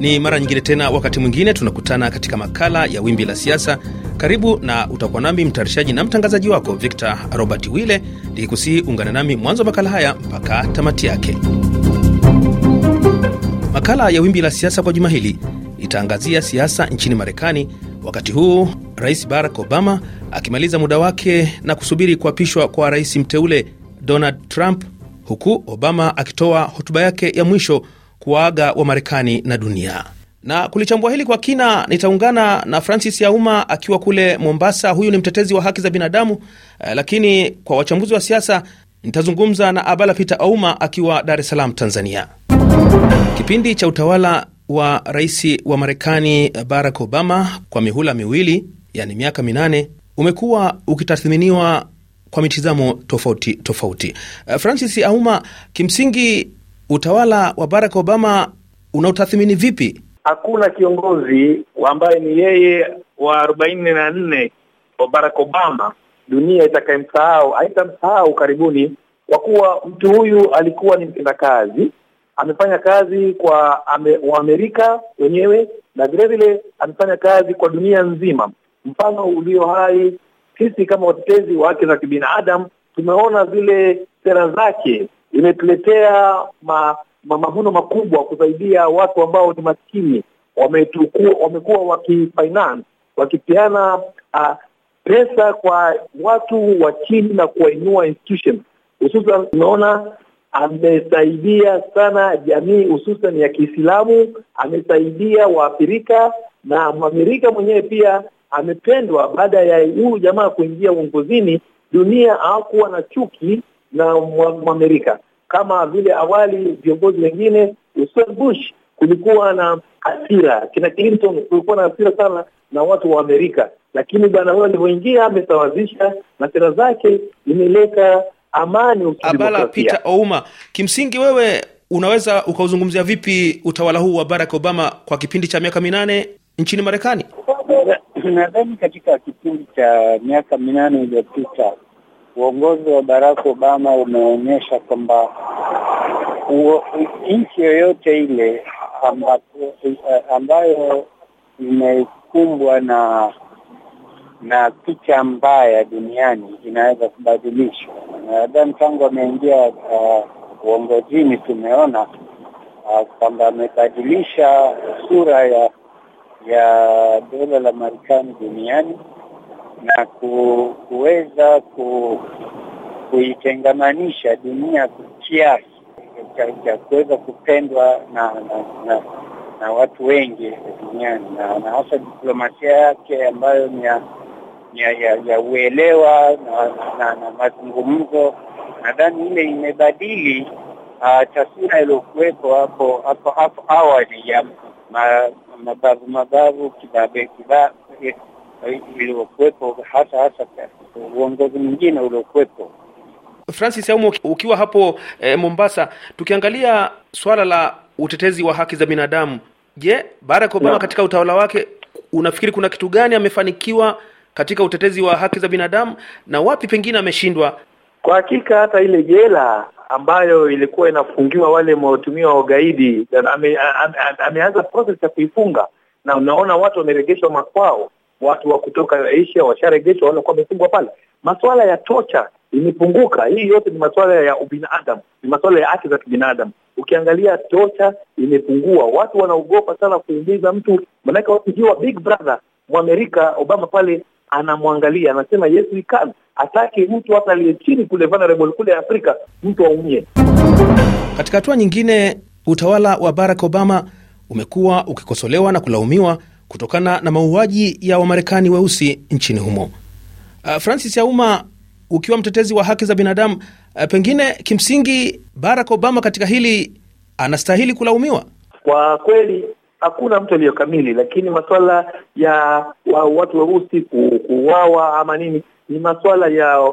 Ni mara nyingine tena, wakati mwingine tunakutana katika makala ya Wimbi la Siasa. Karibu na utakuwa nami mtayarishaji na mtangazaji wako Victor Robert Wille, likikusihi ungana nami mwanzo wa makala haya mpaka tamati yake. Makala ya Wimbi la Siasa kwa juma hili itaangazia siasa nchini Marekani, wakati huu Rais Barack Obama akimaliza muda wake na kusubiri kuapishwa kwa rais mteule Donald Trump, huku Obama akitoa hotuba yake ya mwisho kuwaaga wa Marekani na dunia. Na kulichambua hili kwa kina, nitaungana na Francis Yauma akiwa kule Mombasa. Huyu ni mtetezi wa haki za binadamu eh, lakini kwa wachambuzi wa siasa nitazungumza na Abala Peter Auma akiwa Dar es Salaam, Tanzania. Kipindi cha utawala wa rais wa Marekani eh, Barack Obama kwa mihula miwili, yani miaka minane, umekuwa ukitathminiwa kwa mitizamo tofauti tofauti. Eh, Francis Auma, kimsingi Utawala wa Barack Obama unautathmini vipi? Hakuna kiongozi ambaye ni yeye wa arobaini na nne wa Barack Obama dunia itakayemsahau, haitamsahau karibuni, kwa kuwa mtu huyu alikuwa ni mtendakazi, amefanya kazi kwa ame, Waamerika wenyewe na vilevile amefanya kazi kwa dunia nzima. Mfano ulio hai, sisi kama watetezi wa haki za kibinadamu tumeona zile sera zake imetuletea ma, ma, mavuno makubwa kusaidia watu ambao ni maskini, wamekuwa wakifinance wakipeana uh, pesa kwa watu wa chini na kuwainua institution. Hususan tunaona amesaidia sana jamii hususan ya Kiislamu, amesaidia Waafrika na Mwamerika mwenyewe pia amependwa. Baada ya huyu jamaa kuingia uongozini, dunia hakuwa na chuki na Mwamerika kama vile awali viongozi wengine. George Bush kulikuwa na hasira, kina Clinton kulikuwa na hasira sana na watu wa Amerika, lakini bwana huyo alivyoingia amesawazisha na sera zake imeleta amani. Abala Peter Ouma, kimsingi wewe unaweza ukauzungumzia vipi utawala huu wa Barack Obama kwa kipindi cha miaka minane nchini Marekani? Nadhani katika kipindi cha miaka minane iliyopita uongozi wa Barack Obama umeonyesha kwamba nchi yoyote ile ambapo, ambayo imekumbwa na na picha mbaya duniani inaweza kubadilishwa. Nadhani tangu ameingia uh, uongozini uh, tumeona uh, kwamba amebadilisha sura ya ya dola la Marekani duniani na kuweza ku, kuitengamanisha dunia kiasi cha kuweza kupendwa na, na, na, na watu wengi duniani na hasa diplomasia yake ambayo ni ya ya, ya, ya uelewa na, na, na mazungumzo. Nadhani ile imebadili uh, taswira iliyokuwepo hapo hapo hapo awali ya mabavu mabavu kibabe kibabe vilivyokuwepo hasa hasa uongozi mwingine uliokuwepo. Francis Aumo, ukiwa hapo eh, Mombasa, tukiangalia swala la utetezi wa haki za binadamu, je, Barack Obama no. katika utawala wake unafikiri kuna kitu gani amefanikiwa katika utetezi wa haki za binadamu na wapi pengine ameshindwa? Kwa hakika hata ile jela ambayo ilikuwa inafungiwa wale watumiwa wa ugaidi ameanza ame, ame process ya kuifunga, na unaona watu wameregeshwa makwao watu wa kutoka Asia washaregeshwa, kuwa wamefungwa pale. Masuala ya tocha imepunguka. Hii yote ni masuala ya ubinadamu, ni masuala ya haki za kibinadamu. Ukiangalia tocha imepungua, watu wanaogopa sana kuumiza mtu, maanake wakijua Big Brother Mwamerika Obama pale anamwangalia, anasema yes we can, mtu hata aliye chini kule vulnerable kule Afrika mtu aumie. Katika hatua nyingine, utawala wa Barack Obama umekuwa ukikosolewa na kulaumiwa kutokana na mauaji ya Wamarekani weusi nchini humo. Uh, Francis Auma, ukiwa mtetezi wa haki za binadamu, uh, pengine kimsingi Barack Obama katika hili anastahili kulaumiwa kwa kweli? Hakuna mtu aliyokamili, lakini masuala ya wa, watu weusi kuuawa ama nini ni masuala ya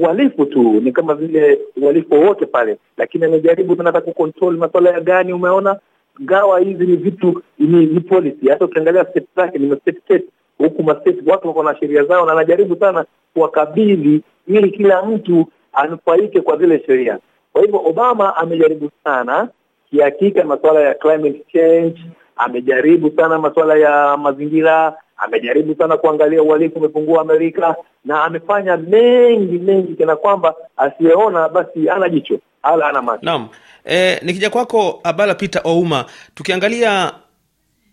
uhalifu tu, ni kama vile uhalifu wowote pale, lakini amejaribu anataka kucontrol masuala ya gani, umeona gawa hizi ni vitu ni, ni policy. Hata ukiangalia state zake ni state state, huku state watu wako na sheria zao, na anajaribu sana kuwakabidhi ili kila mtu anufaike kwa zile sheria. Kwa hivyo Obama amejaribu sana kihakika, masuala ya climate change, amejaribu sana masuala ya mazingira, amejaribu sana kuangalia uhalifu umepungua Amerika, na amefanya mengi mengi, kana kwamba asiyeona basi ana jicho ala ana macho. Naam. E, nikija kwako Abala Peter Ouma, tukiangalia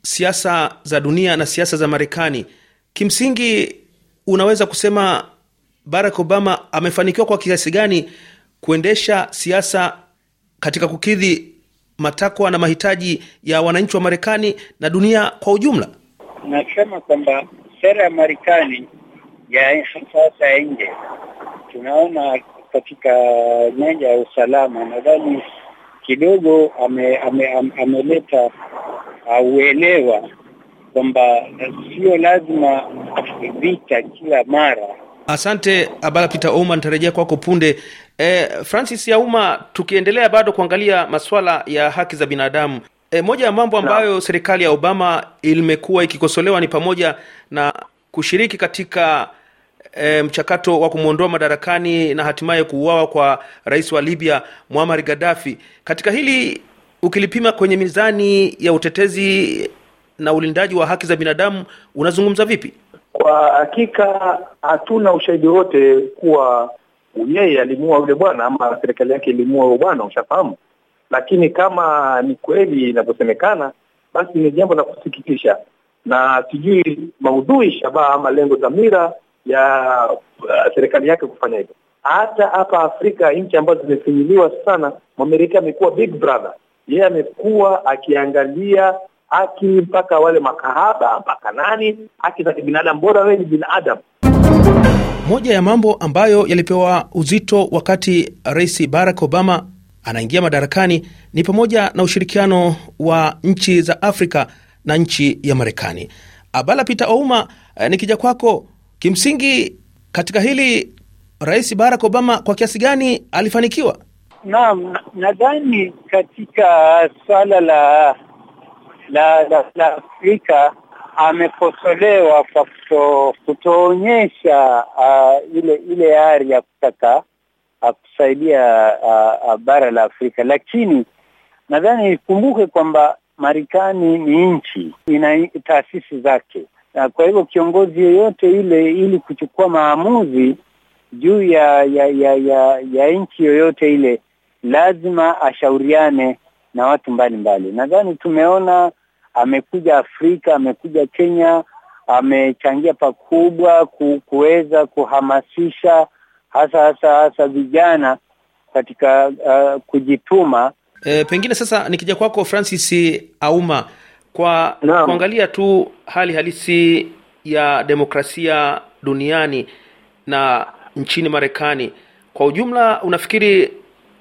siasa za dunia na siasa za Marekani, kimsingi unaweza kusema Barack Obama amefanikiwa kwa kiasi gani kuendesha siasa katika kukidhi matakwa na mahitaji ya wananchi wa Marekani na dunia kwa ujumla? nasema kwamba sera ya Marekani ya sasa ya nje tunaona katika nyanja ya usalama, nadhani kidogo ameleta ame, ame, ame uh, kwamba sio lazima vita kila mara. Asante Abala Peter Ouma, nitarejea kwako punde. Eh, Francis Yauma, tukiendelea bado kuangalia masuala ya haki za binadamu, E, moja ya mambo ambayo na, serikali ya Obama imekuwa ikikosolewa ni pamoja na kushiriki katika e, mchakato wa kumwondoa madarakani na hatimaye kuuawa kwa rais wa Libya Muammar Gaddafi. Katika hili ukilipima kwenye mizani ya utetezi na ulindaji wa haki za binadamu unazungumza vipi? Kwa hakika hatuna ushahidi wote kuwa yeye alimuua yule bwana ama serikali yake ilimuua bwana, ushafahamu lakini kama ni kweli inavyosemekana, basi ni jambo la kusikitisha, na sijui maudhui, shabaha ama lengo, dhamira ya uh, serikali yake kufanya hivyo. Hata hapa Afrika, nchi ambazo zimefinyiliwa sana, Mwamerika amekuwa big brother, yeye amekuwa akiangalia haki mpaka wale makahaba mpaka nani, haki za kibinadamu, bora wee ni binadamu. Moja ya mambo ambayo yalipewa uzito wakati Rais Barack Obama anaingia madarakani ni pamoja na ushirikiano wa nchi za Afrika na nchi ya Marekani. Abala Peter Ouma, eh, nikija kwako, kimsingi katika hili Rais Barack Obama kwa kiasi gani alifanikiwa? Naam, nadhani katika swala la la, la la Afrika amekosolewa kwa kutoonyesha uh, ile ile ari ya kutaka kusaidia bara la Afrika, lakini nadhani ikumbuke kwamba Marekani ni nchi, ina taasisi zake, na kwa hivyo kiongozi yoyote ile ili kuchukua maamuzi juu ya ya ya ya, ya nchi yoyote ile lazima ashauriane na watu mbalimbali. Nadhani tumeona amekuja Afrika, amekuja Kenya, amechangia pakubwa kuweza kuhamasisha hasa hasa hasa vijana katika uh, kujituma. E, pengine sasa nikija kwako Francis Auma kwa Naam. kuangalia tu hali halisi ya demokrasia duniani na nchini Marekani kwa ujumla, unafikiri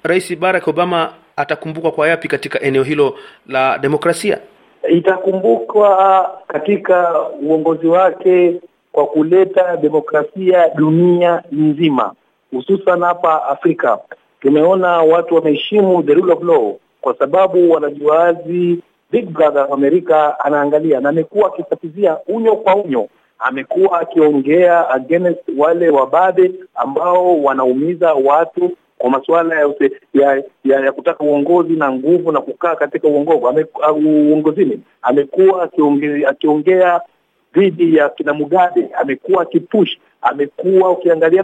Rais Barack Obama atakumbukwa kwa yapi katika eneo hilo la demokrasia? Itakumbukwa katika uongozi wake kwa kuleta demokrasia dunia nzima hususan hapa Afrika. Tumeona watu wameheshimu the rule of law kwa sababu wanajuazi Big Brother Amerika anaangalia, na amekuwa akifatizia unyo kwa unyo, amekuwa akiongea against wale wabade ambao wanaumiza watu kwa masuala ya, ya, ya, ya kutaka uongozi na nguvu na kukaa katika uongozi ame, uongozini. Amekuwa akiongea dhidi ya kina Mugabe, amekuwa akipush amekuwa ukiangalia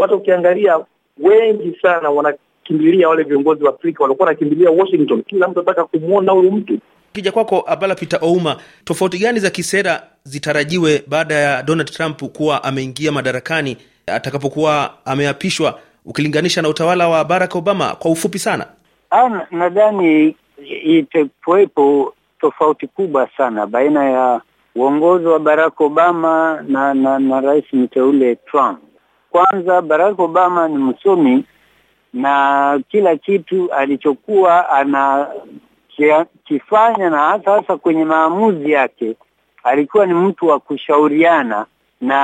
hata ukiangalia wengi sana wanakimbilia wale viongozi wa Afrika walikuwa wanakimbilia Washington, kila mtu anataka kumwona huyu mtu. Kija kwako Abala Peter Ouma, tofauti gani za kisera zitarajiwe baada ya Donald Trump kuwa ameingia madarakani atakapokuwa ameapishwa ukilinganisha na utawala wa Barack Obama? Kwa ufupi sana, ah, nadhani itakuwepo tofauti kubwa sana baina ya uongozi wa Barack Obama na na, na rais mteule Trump. Kwanza, Barack Obama ni msomi na kila kitu alichokuwa ana kifanya na hasa hasa kwenye maamuzi yake alikuwa ni mtu wa kushauriana na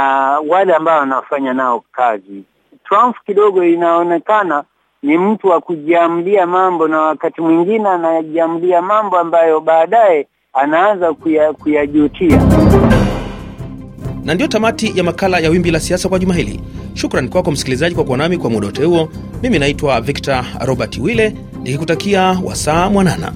wale ambao wanafanya nao kazi. Trump kidogo inaonekana ni mtu wa kujiamlia mambo, na wakati mwingine anajiamlia mambo ambayo baadaye anaanza kuyajutia kuya na ndiyo tamati ya makala ya Wimbi la Siasa kwa juma hili. Shukran kwako msikilizaji kwa kuwa nami kwa muda wote huo. Mimi naitwa Victor Robert Wille nikikutakia wasaa mwanana.